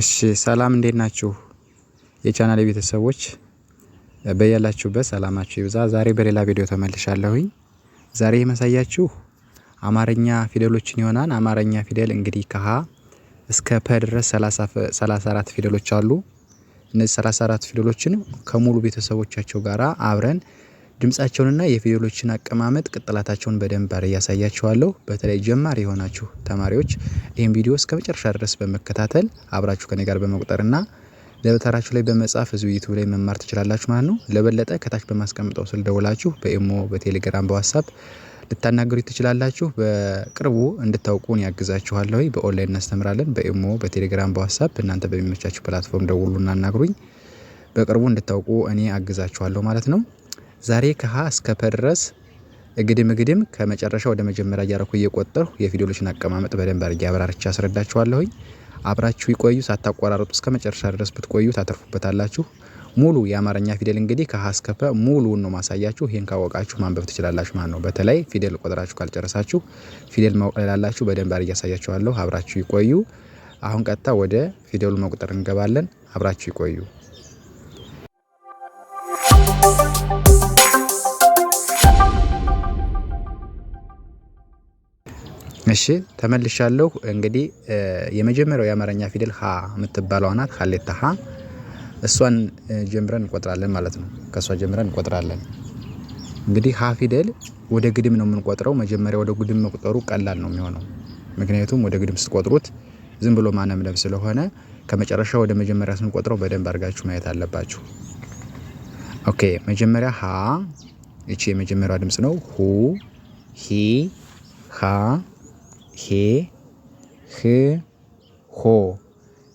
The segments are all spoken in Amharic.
እሺ ሰላም እንዴት ናችሁ? የቻናሌ ቤተሰቦች በያላችሁበት ሰላማችሁ ይብዛ። ዛሬ በሌላ ቪዲዮ ተመልሻለሁኝ። ዛሬ የማሳያችሁ አማርኛ ፊደሎችን ይሆናል። አማርኛ ፊደል እንግዲህ ከሀ እስከ ፐ ድረስ 34 ፊደሎች አሉ። እነዚህ 34 ፊደሎችን ከሙሉ ቤተሰቦቻቸው ጋራ አብረን ድምፃቸውንና የፊደሎችን አቀማመጥ ቅጥላታቸውን በደንብ አር እያሳያችኋለሁ። በተለይ ጀማሪ የሆናችሁ ተማሪዎች ይህን ቪዲዮ እስከ መጨረሻ ድረስ በመከታተል አብራችሁ ከኔ ጋር በመቁጠርና ደብተራችሁ ላይ በመጻፍ እዚሁ ዩቱብ ላይ መማር ትችላላችሁ ማለት ነው። ለበለጠ ከታች በማስቀምጠው ስል ደውላችሁ በኢሞ፣ በቴሌግራም፣ በዋትሳፕ ልታናገሩ ትችላላችሁ። በቅርቡ እንድታውቁን ያግዛችኋለሁ። በኦንላይን እናስተምራለን። በኢሞ፣ በቴሌግራም፣ በዋትሳፕ እናንተ በሚመቻችሁ ፕላትፎርም ደውሉ፣ እናናግሩኝ። በቅርቡ እንድታውቁ እኔ አግዛችኋለሁ ማለት ነው። ዛሬ ከሀ እስከ ፐ ድረስ እግድም እግድም ከመጨረሻ ወደ መጀመሪያ እያረኩ እየቆጠርሁ የፊደሎችን አቀማመጥ በደንብ አድርጌ አብራርቼ አስረዳችኋለሁኝ። አብራችሁ ይቆዩ። ሳታቆራረጡ እስከ መጨረሻ ድረስ ብትቆዩ ታተርፉበታላችሁ። ሙሉ የአማርኛ ፊደል እንግዲህ ከሀ እስከ ፐ ሙሉውን ነው ማሳያችሁ። ይህን ካወቃችሁ ማንበብ ትችላላችሁ ማለት ነው። በተለይ ፊደል ቆጥራችሁ ካልጨረሳችሁ ፊደል ማወቅ ላላችሁ በደንብ አድርጌ አሳያችኋለሁ። አብራችሁ ይቆዩ። አሁን ቀጥታ ወደ ፊደሉ መቁጠር እንገባለን። አብራችሁ ይቆዩ። እሺ ተመልሻለሁ። እንግዲህ የመጀመሪያው የአማርኛ ፊደል ሀ የምትባለዋ ናት። ሀሌታ ሀ እሷን ጀምረን እንቆጥራለን ማለት ነው። ከእሷ ጀምረን እንቆጥራለን። እንግዲህ ሀ ፊደል ወደ ግድም ነው የምንቆጥረው። መጀመሪያ ወደ ግድም መቁጠሩ ቀላል ነው የሚሆነው፣ ምክንያቱም ወደ ግድም ስትቆጥሩት ዝም ብሎ ማነምለም ስለሆነ ከመጨረሻ ወደ መጀመሪያ ስንቆጥረው በደንብ አድርጋችሁ ማየት አለባችሁ። ኦኬ መጀመሪያ ሀ፣ ይቺ የመጀመሪያው ድምፅ ነው። ሁ፣ ሂ፣ ሃ ሄ ህ ሆ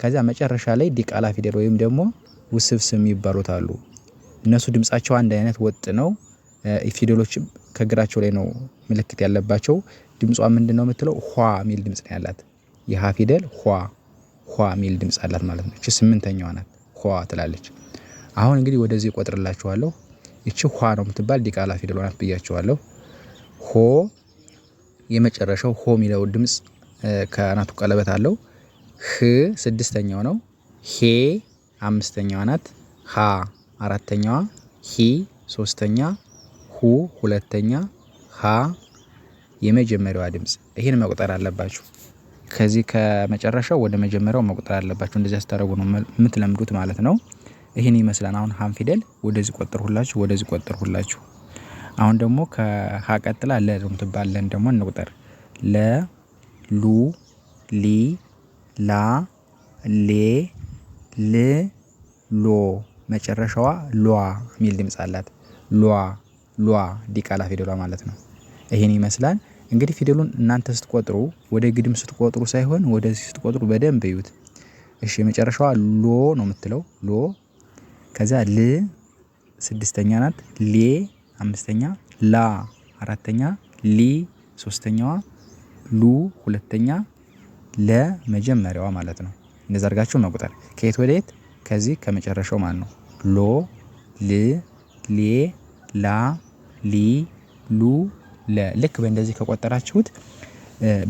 ከዛ መጨረሻ ላይ ዲቃላ ፊደል ወይም ደግሞ ውስብስብ የሚባሉት አሉ። እነሱ ድምፃቸው አንድ አይነት ወጥ ነው። ፊደሎች ከእግራቸው ላይ ነው ምልክት ያለባቸው ድምጿ ምንድነው የምትለው ኋ የሚል ድምጽ ነው ያላት። የሀ ፊደል ኋ ኋ የሚል ድምጽ አላት ማለት ነው። እቺ ስምንተኛዋ ናት ኋ ትላለች። አሁን እንግዲህ ወደዚህ እቆጥርላችኋለሁ። ይቺ ኋ ነው የምትባል ዲቃላ ፊደል ናት ብያችኋለሁ። ሆ የመጨረሻው ሆ የሚለው ድምጽ ከአናቱ ቀለበት አለው። ህ ስድስተኛው ነው። ሄ አምስተኛዋ ናት። ሀ አራተኛዋ፣ ሂ ሶስተኛ፣ ሁ ሁለተኛ፣ ሀ የመጀመሪያዋ ድምፅ። ይህን መቁጠር አለባችሁ። ከዚህ ከመጨረሻው ወደ መጀመሪያው መቁጠር አለባችሁ። እንደዚህ አስታረጉ ነው የምትለምዱት ማለት ነው። ይህን ይመስላል። አሁን ሀም ፊደል ወደዚህ ቆጠርሁላችሁ፣ ወደዚህ ቆጠርሁላችሁ። አሁን ደግሞ ከሀ ቀጥላ ለ የምትባል ለን ደግሞ እንቁጠር ለ ሉ ሊ ላ ሌ ል ሎ መጨረሻዋ ሏ የሚል ድምጽ አላት ሏ ሏ ዲቃላ ፊደሏ ማለት ነው። ይሄን ይመስላል እንግዲህ ፊደሉን እናንተ ስትቆጥሩ ወደ ግድም ስትቆጥሩ ሳይሆን ወደዚህ ስትቆጥሩ በደንብ እዩት። እሺ መጨረሻዋ ሎ ነው የምትለው ሎ ከዚያ ል ስድስተኛ ናት ሌ አምስተኛ ላ አራተኛ ሊ ሶስተኛዋ ሉ ሁለተኛ ለ መጀመሪያዋ ማለት ነው። እንደዛ አድርጋችሁ መቁጠር ከየት ወደ የት ከዚህ ከመጨረሻው ማለት ነው። ሎ ል ሌ ላ ሊ ሉ ለ ልክ በእንደዚህ ከቆጠራችሁት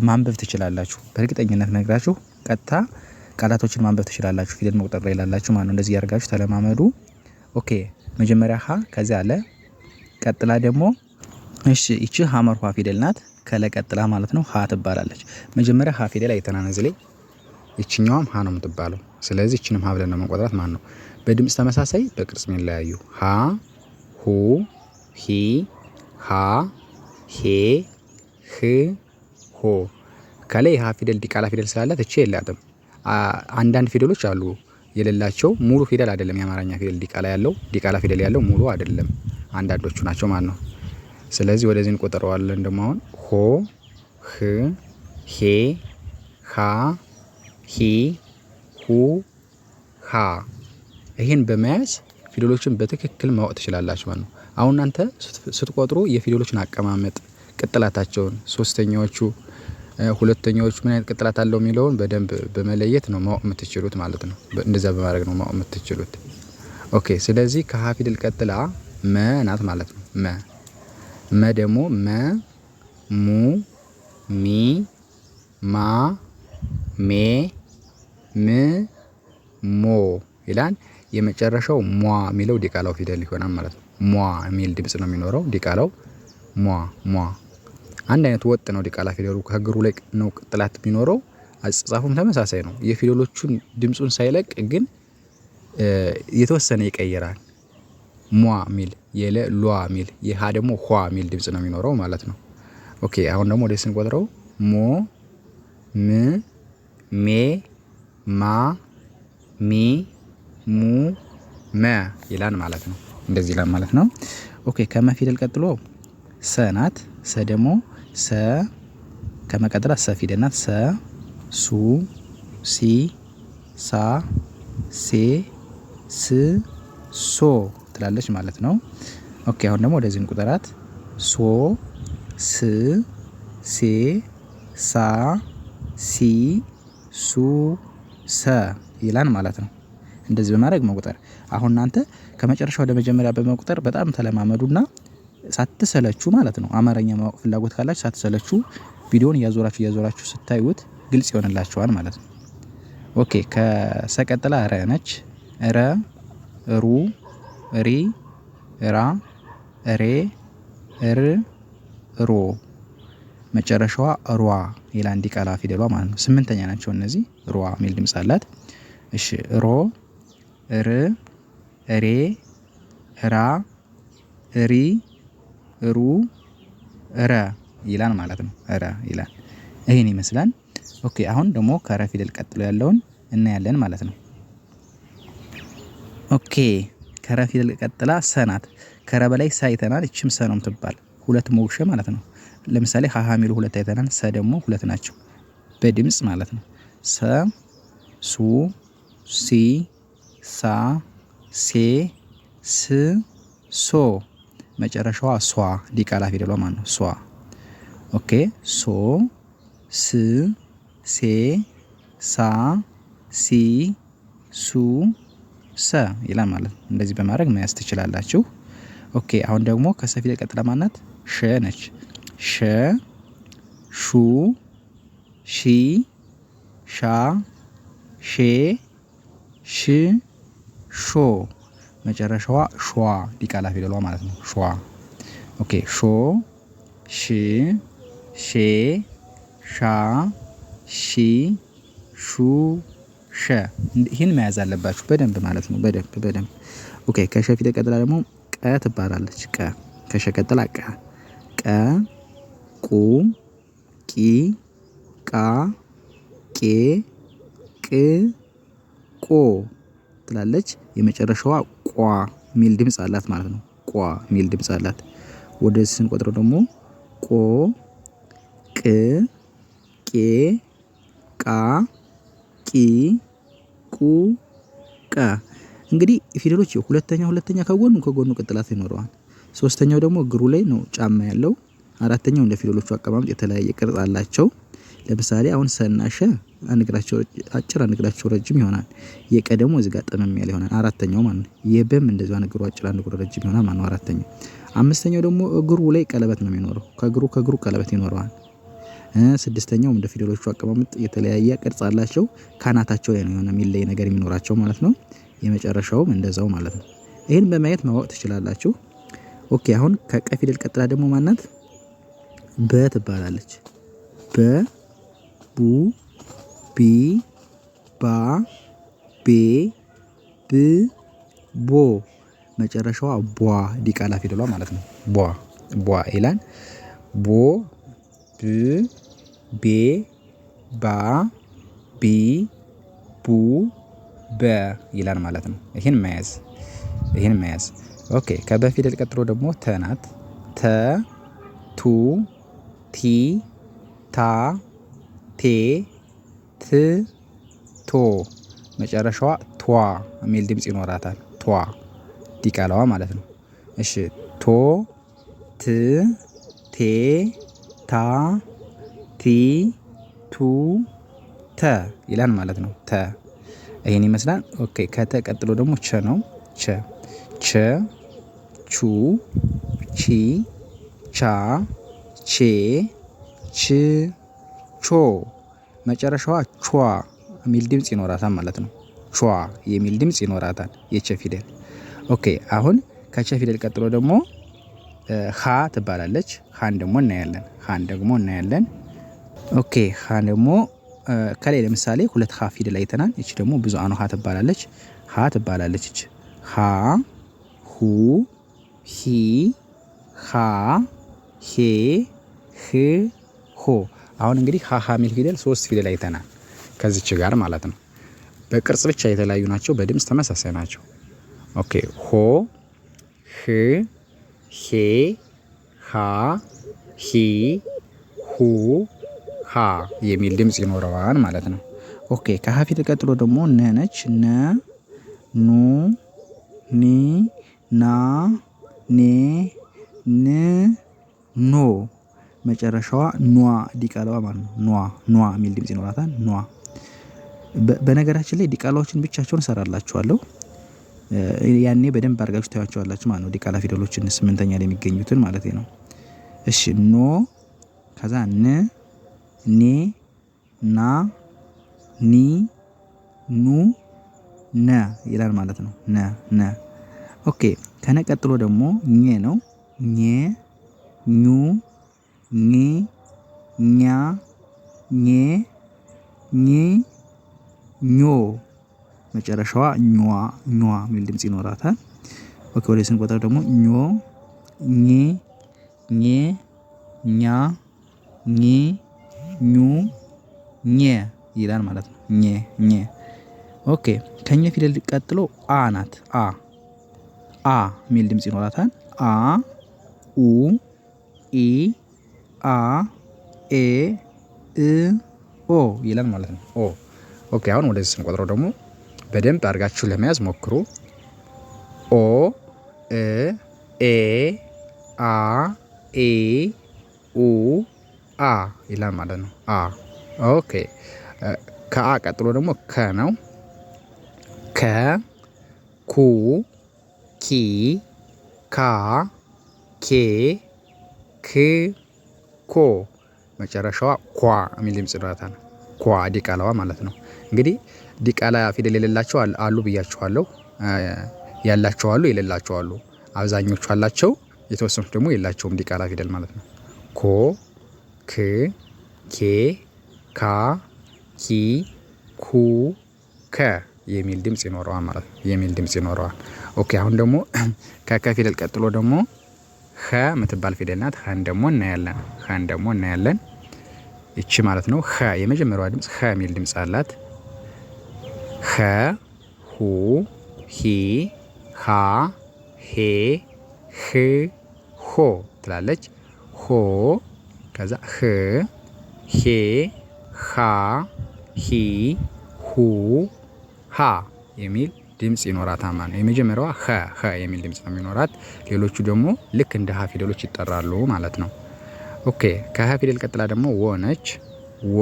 ማንበብ ትችላላችሁ። በእርግጠኝነት ነግራችሁ ቀጥታ ቃላቶችን ማንበብ ትችላላችሁ። ፊደል መቁጠር ላይ ላላችሁ ማለት ነው። እንደዚህ ያደርጋችሁ ተለማመዱ። ኦኬ መጀመሪያ ሀ ከዚያ አለ ቀጥላ ደግሞ እሺ ይቺ ሀመር ኋ ፊደል ናት። ከለ ቀጥላ ማለት ነው ሀ ትባላለች። መጀመሪያ ሀ ፊደል አይተናን ላይ ይችኛዋም ሀ ነው የምትባለው። ስለዚህ ይችንም ሀ ብለን ነው መቆጥራት ማን ነው። በድምፅ ተመሳሳይ በቅርጽ የሚለያዩ ሀ፣ ሁ፣ ሂ፣ ሃ፣ ሄ፣ ህ፣ ሆ። ከላይ የሀ ፊደል ዲቃላ ፊደል ስላላት እቺ የላትም። አንዳንድ ፊደሎች አሉ የሌላቸው ሙሉ ፊደል አይደለም። የአማርኛ ፊደል ዲቃላ ያለው ዲቃላ ፊደል ያለው ሙሉ አይደለም። አንዳንዶቹ ናቸው ማለት ነው። ስለዚህ ወደዚህ እንቆጥረዋለን ደግሞ አሁን ሆ፣ ህ፣ ሄ፣ ሃ፣ ሂ፣ ሁ፣ ሃ ይህን በመያዝ ፊደሎችን በትክክል ማወቅ ትችላላችሁ ማለት ነው። አሁን እናንተ ስትቆጥሩ የፊደሎችን አቀማመጥ ቅጥላታቸውን፣ ሶስተኛዎቹ፣ ሁለተኛዎቹ ምን አይነት ቅጥላት አለው የሚለውን በደንብ በመለየት ነው ማወቅ የምትችሉት ማለት ነው። እንደዛ በማድረግ ነው ማወቅ የምትችሉት። ኦኬ። ስለዚህ ከሀ ፊደል ቀጥላ መ ናት ማለት ነው። መ መ ደግሞ መ ሙ ሚ ማ ሜ ም ሞ ይላል። የመጨረሻው ሟ የሚለው ዲቃላው ፊደል ይሆናል ማለት ነው። ሟ የሚል ድምጽ ነው የሚኖረው ዲቃላው ሟ ሟ። አንድ አይነት ወጥ ነው ዲቃላ ፊደሉ ከእግሩ ላይ ነው ቅጥላት የሚኖረው። አጻጻፉም ተመሳሳይ ነው። የፊደሎቹን ድምፁን ሳይለቅ ግን የተወሰነ ይቀይራል። ሟ ሚል የለ ሏ ሚል የሀ ደግሞ ኋ ሚል ድምጽ ነው የሚኖረው ማለት ነው። ኦኬ አሁን ደግሞ ወደ ስንቆጥረው ሞ ም ሜ ማ ሚ ሙ መ ይላን ማለት ነው። እንደዚህ ይላን ማለት ነው። ኦኬ ከመፊደል ቀጥሎ ሰ ናት። ሰ ደግሞ ሰ ከመቀጠላ ሰ ፊደል ናት። ሰ ሱ ሲ ሳ ሴ ስ ሶ ትላለች ማለት ነው። ኦኬ አሁን ደግሞ ወደዚህን ቁጥራት ሶ ስ ሴ ሳ ሲ ሱ ሰ ይላን ማለት ነው። እንደዚህ በማድረግ መቁጠር። አሁን እናንተ ከመጨረሻ ወደ መጀመሪያ በመቁጠር በጣም ተለማመዱና ሳትሰለቹ ማለት ነው። አማርኛ ማወቅ ፍላጎት ካላችሁ ሳትሰለቹ ቪዲዮን እያዞራችሁ እያዞራችሁ ስታዩት ግልጽ ይሆንላችኋል ማለት ነው። ኦኬ ከሰቀጥላ ረ ነች ረ ሩ ሪ ራ ሬ ር ሮ መጨረሻዋ ሯ ሌላ አንድ ቃላ ፊደሏ ማለት ነው። ስምንተኛ ናቸው እነዚህ። ሯ የሚል ድምፅ አላት። እሺ ሮ ር ሬ ራ ሪ ሩ ረ ይላል ማለት ነው። ረ ይላል። ይህን ይመስላል። ኦኬ አሁን ደግሞ ከረ ፊደል ቀጥሎ ያለውን እናያለን ማለት ነው። ኦኬ ከረ ፊደል ቀጥላ ሰናት ከረ በላይ ሳይተናል እችም ሰኖም ትባል ሁለት ሞግሸ ማለት ነው። ለምሳሌ ሀሀሚሉ ሁለት አይተናል። ሰ ደግሞ ሁለት ናቸው በድምፅ ማለት ነው። ሰ ሱ ሲ ሳ ሴ ስ ሶ መጨረሻዋ ሷ ዲቃላ ፊደሏ ማለት ነው። ሷ ኦኬ። ሶ ስ ሴ ሳ ሲ ሱ ሰ ይላል ማለት ነው። እንደዚህ በማድረግ መያዝ ትችላላችሁ። ኦኬ አሁን ደግሞ ከሰ ፊደል ቀጥላ ማናት? ሸ ነች። ሸ ሹ ሺ ሻ ሼ ሽ ሾ መጨረሻዋ ሸዋ ዲቃላ ፊደሏ ማለት ነው። ሸዋ ኦኬ። ሾ ሽ ሼ ሻ ሺ ሹ ሸ ይህን መያዝ አለባችሁ በደንብ ማለት ነው። በደንብ በደንብ ኦኬ። ከሸ ፊት ቀጥላ ደግሞ ቀ ትባላለች። ቀ ከሸ ቀጥላ ቀ ቀ ቁ ቂ ቃ ቄ ቅ ቆ ትላለች። የመጨረሻዋ ቋ ሚል ድምፅ አላት ማለት ነው። ቋ ሚል ድምፅ አላት። ወደዚህ ቆጥረው ደግሞ ቆ፣ ቅ፣ ቄ፣ ቃ ቂ ቁ ቃ እንግዲህ ፊደሎች ሁለተኛ ሁለተኛ ከጎኑ ከጎኑ ቅጥላት ይኖረዋል። ሶስተኛው ደግሞ እግሩ ላይ ነው ጫማ ያለው። አራተኛው እንደ ፊደሎቹ አቀማመጥ የተለያየ ቅርጽ አላቸው። ለምሳሌ አሁን ሰናሸ አንግራቸው አጭር አንግራቸው ረጅም ይሆናል። የቀ ደግሞ እዚህ ጋር ጥምም ያለ ይሆናል አራተኛው ማለት ነው። የበም እንደዚሁ አንግሩ አጭር አንግሩ ረጅም ይሆናል ማለት ነው አራተኛው። አምስተኛው ደግሞ እግሩ ላይ ቀለበት ነው የሚኖረው ከእግሩ ከእግሩ ቀለበት ይኖረዋል ስድስተኛው እንደ ፊደሎቹ አቀማመጥ የተለያየ ቅርጽ አላቸው። ካናታቸው ላይ ነው የሆነ የሚለይ ነገር የሚኖራቸው ማለት ነው። የመጨረሻውም እንደዛው ማለት ነው። ይህን በማየት ማወቅ ትችላላችሁ። ኦኬ አሁን ከቀ ፊደል ቀጥላ ደግሞ ማናት በ ትባላለች። በ ቡ ቢ ባ ቤ ብ ቦ መጨረሻዋ ቧ ዲቃላ ፊደሏ ማለት ነው። ቧ ቧ ይላል ቦ ብ ቤ ባ ቢ ቡ በ ይላል ማለት ነው። ይሄን መያዝ ይሄን መያዝ ኦኬ። ከበ ፊደል ቀጥሎ ደግሞ ተ ናት። ተ ቱ ቲ ታ ቴ ት ቶ መጨረሻዋ ቷ የሚል ድምጽ ይኖራታል። ቷ ዲቃላዋ ማለት ነው። እሺ ቶ ት ቴ ታ ቲ ቱ ተ ይላል ማለት ነው። ተ ይህን ይመስላል። ኦኬ ከተ ቀጥሎ ደግሞ ቸ ነው። ቸ ቸ ቹ ቺ ቻ ቼ ች ቾ መጨረሻዋ ቿ የሚል ድምፅ ይኖራታል ማለት ነው። ቿ የሚል ድምፅ ይኖራታል የቸ ፊደል። ኦኬ አሁን ከቸ ፊደል ቀጥሎ ደግሞ ሀ ትባላለች። ሀን ደግሞ እናያለን። ሀን ደግሞ እናያለን። ኦኬ ሃ ደግሞ ከላይ ለምሳሌ ሁለት ሃ ፊደል አይተናል። ይቺ ደግሞ ብዙአኑ ሃ ትባላለች። ሃ ትባላለች። ይች ሃ ሁ ሂ ሃ ሄ ህ ሆ። አሁን እንግዲህ ሃ ሃ ሚል ፊደል ሶስት ፊደል አይተናል ከዚች ጋር ማለት ነው። በቅርጽ ብቻ የተለያዩ ናቸው፣ በድምፅ ተመሳሳይ ናቸው። ኦኬ ሆ ህ ሄ ሃ ሂ ሁ ሀ የሚል ድምጽ ይኖረዋል ማለት ነው። ኦኬ ከሀ ፊደል ቀጥሎ ደግሞ ነ ነች። ነ ኑ ኒ ና ኔ ን ኖ መጨረሻዋ ኗ ዲቃላዋ ማለት ነው። ኗ ኗ የሚል ድምጽ ይኖራታል። ኗ በነገራችን ላይ ዲቃላዎችን ብቻቸውን እሰራላችኋለሁ ያኔ በደንብ አድርጋችሁ ታያቸዋላችሁ ማለት ነው። ዲቃላ ፊደሎችን ስምንተኛ ላይ የሚገኙትን ማለት ነው። እሺ ኖ ከዛ ን ኔ ና ኒ ኑ ነ ይላል ማለት ነው። ነ ነ ኦኬ። ከነ ቀጥሎ ደግሞ ኘ ነው። ኘ ኙ ኚ ኛ ኘ ኚ ኞ መጨረሻዋ ኟ ኟ የሚል ድምጽ ይኖራታል። ኦኬ። ወደ ስንቆጥር ደግሞ ኞ ኚ ኜ ኛ ኚ ኙ ኘ ይላል ማለት ነው። ኘ ኘ። ኦኬ ከኘ ፊደል ቀጥሎ አ ናት። አ አ የሚል ድምጽ ይኖራታል። አ ኡ ኢ አ ኤ እ ኦ ይላል ማለት ነው። ኦ ኦኬ። አሁን ወደዚህ ስንቆጥረው ደግሞ በደንብ አድርጋችሁ ለመያዝ ሞክሩ። ኦ እ ኤ አ ኤ ኡ አ ይላል ማለት ነው። አ ኦኬ። ከአ ቀጥሎ ደግሞ ከ ነው። ከ ኩ ኪ ካ ኬ ክ ኮ መጨረሻዋ ኳ የሚል ድምጽ ይኖራታል። ኳ ዲቃላዋ ማለት ነው። እንግዲህ ዲቃላ ፊደል የሌላቸው አሉ ብያችኋለሁ። ያላቸው አሉ፣ የሌላቸው አሉ። አብዛኞቹ አላቸው፣ የተወሰኑት ደግሞ የላቸውም ዲቃላ ፊደል ማለት ነው። ኮ ክ ኬ ካ ኪ ኩ ከ የሚል ድምጽ ይኖረዋል ማለት ነው። የሚል ድምጽ ይኖረዋል። ኦኬ አሁን ደግሞ ከከ ፊደል ቀጥሎ ደግሞ ኸ የምትባል ፊደል ናት። ኸን ደግሞ እናያለን። ኸን ደግሞ እናያለን። ይቺ ማለት ነው ኸ የመጀመሪያዋ ድምጽ ኸ የሚል ድምጽ አላት። ኸ ሁ ሂ ሃ ሄ ህ ሆ ትላለች ሆ ከዛ ህ ሄ ሃ ሂ ሁ ሃ የሚል ድምጽ ይኖራታል ማለት ነው። የመጀመሪያዋ ኸ ኸ የሚል ድምጽ ነው የሚኖራት። ሌሎቹ ደግሞ ልክ እንደ ሀ ፊደሎች ይጠራሉ ማለት ነው። ኦኬ ከሀ ፊደል ቀጥላ ደግሞ ወ ነች። ወ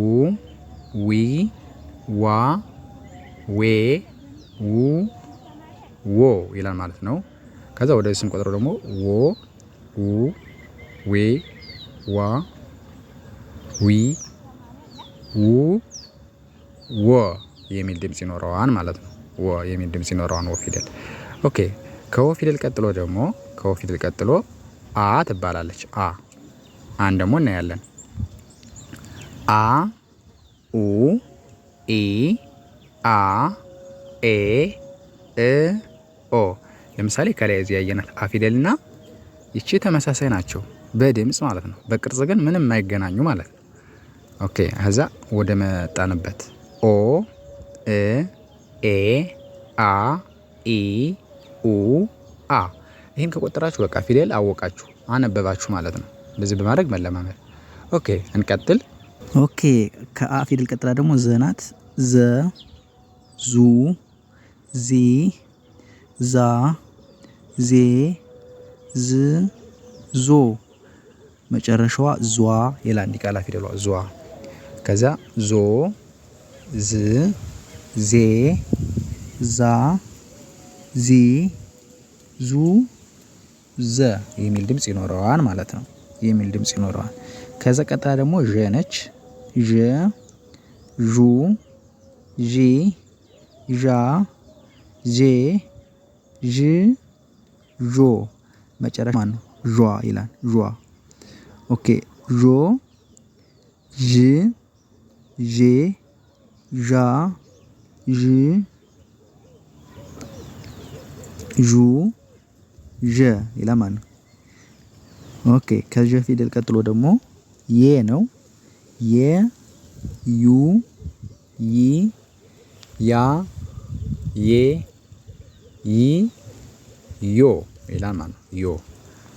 ው ዊ ዋ ዌ ው ዎ ይላል ማለት ነው። ከዛ ወደ ስም ቆጥሮ ደግሞ ዎ ው ዌ ዋ ዊ ው ወ የሚል ድምጽ ይኖረዋል ማለት ነው። ወ የሚል ድምጽ ይኖረዋል ወ ፊደል። ኦኬ ከወ ፊደል ቀጥሎ ደግሞ ከወ ፊደል ቀጥሎ አ ትባላለች። አ አን ደግሞ እናያለን። አ ኡ ኢ አ ኤ እ ኦ ለምሳሌ ከላይ እዚህ ያየናት አ ፊደልና ይቺ ተመሳሳይ ናቸው። በድምፅ ማለት ነው። በቅርጽ ግን ምንም የማይገናኙ ማለት ነው። ኦኬ ከዛ ወደ መጣንበት ኦ እ ኤ አ ኢ ኡ አ ይህን ከቆጠራችሁ በቃ ፊደል አወቃችሁ አነበባችሁ ማለት ነው። በዚህ በማድረግ መለማመድ። ኦኬ እንቀጥል። ኦኬ ከአ ፊደል ቀጥላ ደግሞ ዘናት ዘ ዙ ዚ ዛ ዜ ዝ ዞ መጨረሻዋ ዟ ይላል ዲቃላ ቃላ ፊደሏ ዟ። ከዛ ዞ፣ ዝ፣ ዜ፣ ዛ፣ ዚ፣ ዙ፣ ዘ የሚል ድምጽ ይኖረዋል ማለት ነው። የሚል ድምጽ ይኖረዋል። ከዛ ቀጥታ ደግሞ ዠ ነች። ዠ፣ ዡ፣ ዢ፣ ዣ፣ ዤ፣ ዥ፣ ዦ መጨረሻ ማን ነው? ዧ ይላል ዧ ኦኬ ዦ ዥ ዤ ዣ ዥ ዡ ዠ ይላል ማለት ነው። ኦኬ ከዠ ፊደል ቀጥሎ ደግሞ የ ነው። የ ዩ ይ ያ ዬ ይ ዮ ይላል ማለት ነው። ዮ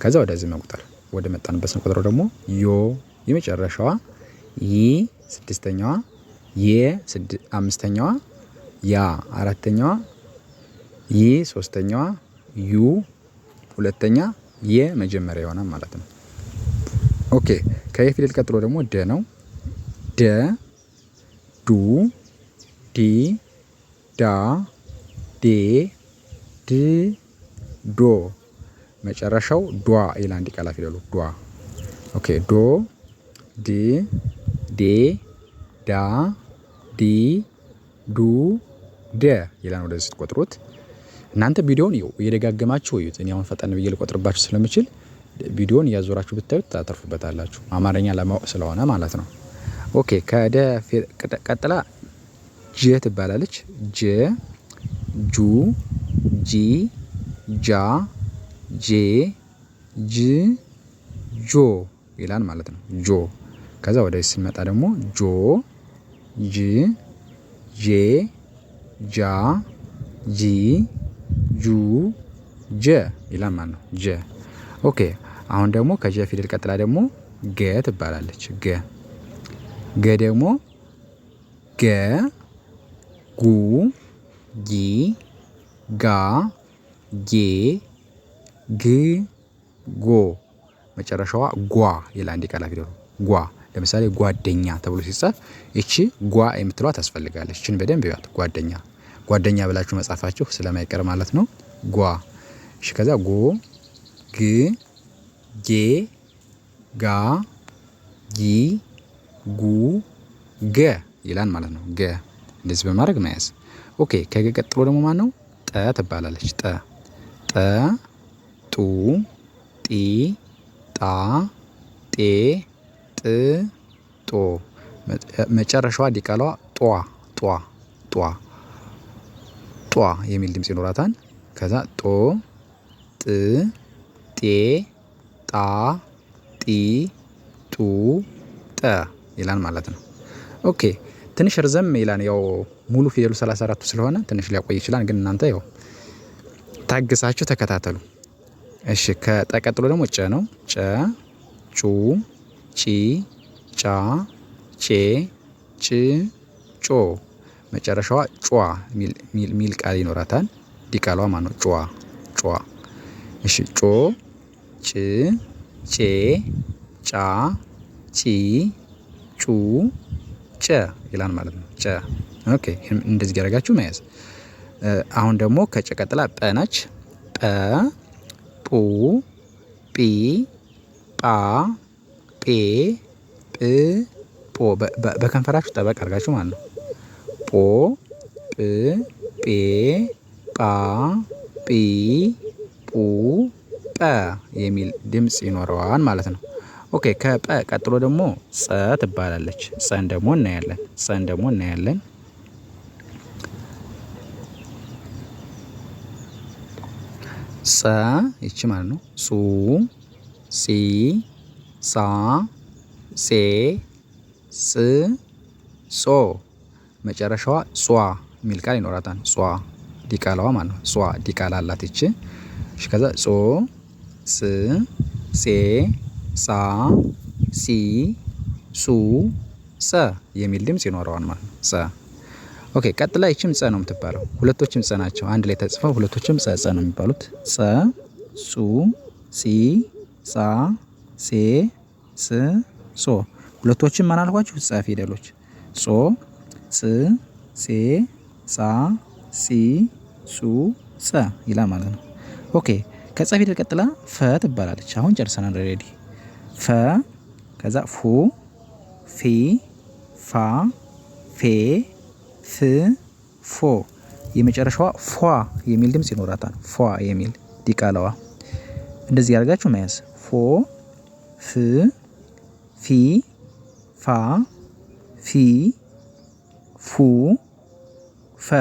ከዛ ወደዚህ መቁጠር ወደ መጣንበት ስንቆጥረው ደግሞ ዮ የመጨረሻዋ፣ ይ ስድስተኛዋ፣ የ አምስተኛዋ፣ ያ አራተኛዋ፣ ይ ሶስተኛዋ፣ ዩ ሁለተኛ፣ የ መጀመሪያ ይሆናል ማለት ነው። ኦኬ ከየ ፊደል ቀጥሎ ደግሞ ደ ነው። ደ ዱ ዲ ዳ ዴ ድ ዶ መጨረሻው ዷ ይላል። አንድ ቃል ፊደሉ ዷ። ኦኬ ዶ ድ ዴ ዳ ዲ ዱ ደ ይላል። ወደዚህ ስትቆጥሩት እናንተ ቪዲዮን ይው እየደጋገማችሁ እዩት። እኔ አሁን ፈጠን ብዬ ልቆጥርባችሁ ስለምችል ቪዲዮን እያዞራችሁ ብታዩት ታተርፉበታላችሁ። አማርኛ ለማወቅ ስለሆነ ማለት ነው። ኦኬ ከደ ቀጥላ ጀ ትባላለች። ጀ ጁ ጂ ጃ ጄ ጅ ጆ ይላል ማለት ነው። ጆ ከዛ ወደ ስንመጣ ደግሞ ጆ ጅ ጄ ጃ ጂ ጁ ጀ ይላል ማለት ነው። ጀ ኦኬ። አሁን ደግሞ ከጀ ፊደል ቀጥላ ደግሞ ገ ትባላለች። ገ ገ ደግሞ ገ ጉ ጊ ጋ ጌ ግጎ መጨረሻዋ ጓ ይላል አንድ የቃል ፊደሉ ጓ ለምሳሌ ጓደኛ ተብሎ ሲጻፍ እቺ ጓ የምትለዋ ታስፈልጋለች ይቺን በደንብ እዩዋት ጓደኛ ጓደኛ ብላችሁ መጻፋችሁ ስለማይቀር ማለት ነው። ጓ እሺ። ከዛ ጎ ግ ጌ ጋ ጊ ጉ ገ ይላል ማለት ነው። ገ እንደዚህ በማድረግ መያዝ። ኦኬ። ከገ ቀጥሎ ደግሞ ማን ነው? ጠ ትባላለች። ጠ ጠ ጡ ጢ ጣ ጤ ጥ ጦ መጨረሻዋ ዲቃላዋ ጧ ጧ ጧ ጧ የሚል ድምጽ ይኖራታል። ከዛ ጦ ጥ ጤ ጣ ጢ ጡ ጠ ይላል ማለት ነው። ኦኬ ትንሽ ርዘም ይላል። ያው ሙሉ ፊደሉ 34ቱ ስለሆነ ትንሽ ሊያቆይ ይችላል። ግን እናንተ ያው ታግሳችሁ ተከታተሉ። እሺ ከጠቀጥሎ ደግሞ ጨ ነው። ጨ ጩ ጪ ጫ ጬ ጭ ጮ መጨረሻዋ ጯ ሚል ቃል ይኖራታል። ዲቃሏ ማ ነው? ጯ ጯ። እሺ ጮ ጭ ጬ ጫ ጪ ጩ ጨ ይላል ማለት ነው። ጨ ኦኬ። እንደዚህ ያደረጋችሁ መያዝ። አሁን ደግሞ ከጨቀጥላ ጠ ነች ጠ ጱ ጲ ጳ ጴ ጵ ጶ በከንፈራችሁ ጠበቅ አድርጋችሁ ማለት ነው። ጶ ጵ ጴ ጳ ጲ ጱ ጰ የሚል ድምፅ ይኖረዋል ማለት ነው። ኦኬ ከጰ ቀጥሎ ደግሞ ጸ ትባላለች። ጸን ደግሞ እናያለን። ጸን ደግሞ እናያለን ሰ ይቺ ማለት ነው። ጹ ሲ ሳ ሴ ጽ ጾ መጨረሻዋ ጿ የሚል ቃል ይኖራታል። ጿ ዲቃላዋ ማለት ነው። ጿ ዲቃላ አላት ይቺ። እሺ ከዛ ጾ ፅ ጼ ጻ ጺ ጹ ጸ የሚል ድምጽ ይኖረዋል ማለት ነው። ኦኬ ቀጥላ ይችም ጸ ነው የምትባለው። ሁለቶችም ጸ ናቸው አንድ ላይ ተጽፈው ሁለቶችም ጸ ጸ ነው የሚባሉት። ጸ ጹ ጺ ጻ ጼ ጽ ጾ ሁለቶችም ማን አልኳችሁ? ጸ ፊደሎች ጾ ጽ ጼ ጻ ጺ ጹ ጸ ይላ ማለት ነው። ኦኬ ከጸ ፊደል ቀጥላ ፈ ትባላለች። አሁን ጨርሰናል ሬዲ ፈ ከዛ ፉ ፊ ፋ ፌ ፍ ፎ የመጨረሻዋ ፏ የሚል ድምጽ ይኖራታል። ፏ የሚል ዲቃላዋ እንደዚህ ያደርጋችሁ መያዝ ፎ ፍ ፊ ፋ ፊ ፉ ፈ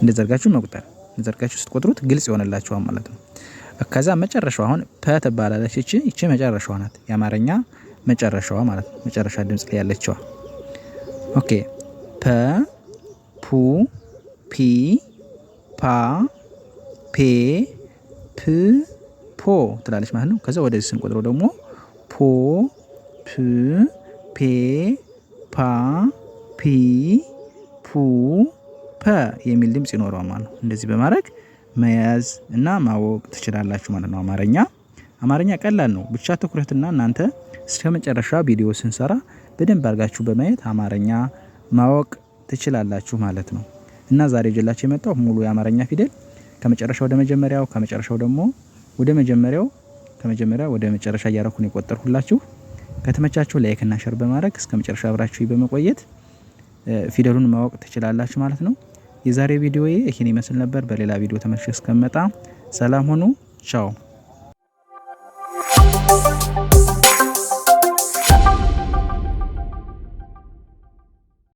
እንደዚህ መቁጠር እንደዚህ ስትቆጥሩት ግልጽ ይሆንላችኋል ማለት ነው። ከዛ መጨረሻዋ አሁን ፐ ትባላለች። እቺ እቺ መጨረሻዋ ናት። የአማርኛ መጨረሻዋ ማለት ነው። መጨረሻ ድምጽ ላይ ያለችዋ ኦኬ ፐ ፑ ፒ ፓ ፔ ፕ ፖ ትላለች ማለት ነው። ከዛ ወደዚህ ስንቆጥረው ደግሞ ፖ ፕ ፔ ፓ ፒ ፑ ፐ የሚል ድምፅ ይኖረዋል ማለት ነው። እንደዚህ በማድረግ መያዝ እና ማወቅ ትችላላችሁ ማለት ነው። አማርኛ አማርኛ ቀላል ነው። ብቻ ትኩረትና እናንተ እስከ መጨረሻ ቪዲዮ ስንሰራ በደንብ አድርጋችሁ በማየት አማርኛ ማወቅ ትችላላችሁ ማለት ነው። እና ዛሬ ጀላችሁ የመጣው ሙሉ የአማርኛ ፊደል ከመጨረሻ ወደ መጀመሪያው ከመጨረሻው ደግሞ ወደ መጀመሪያው ከመጀመሪያ ወደ መጨረሻ እያረኩ የቆጠርኩላችሁ ከተመቻችሁ ላይክ እና ሸር በማድረግ እስከ መጨረሻ አብራችሁ በመቆየት ፊደሉን ማወቅ ትችላላችሁ ማለት ነው። የዛሬ ቪዲዮዬ ይህን ይመስል ነበር። በሌላ ቪዲዮ ተመልሼ እስከመጣ ሰላም ሁኑ። ቻው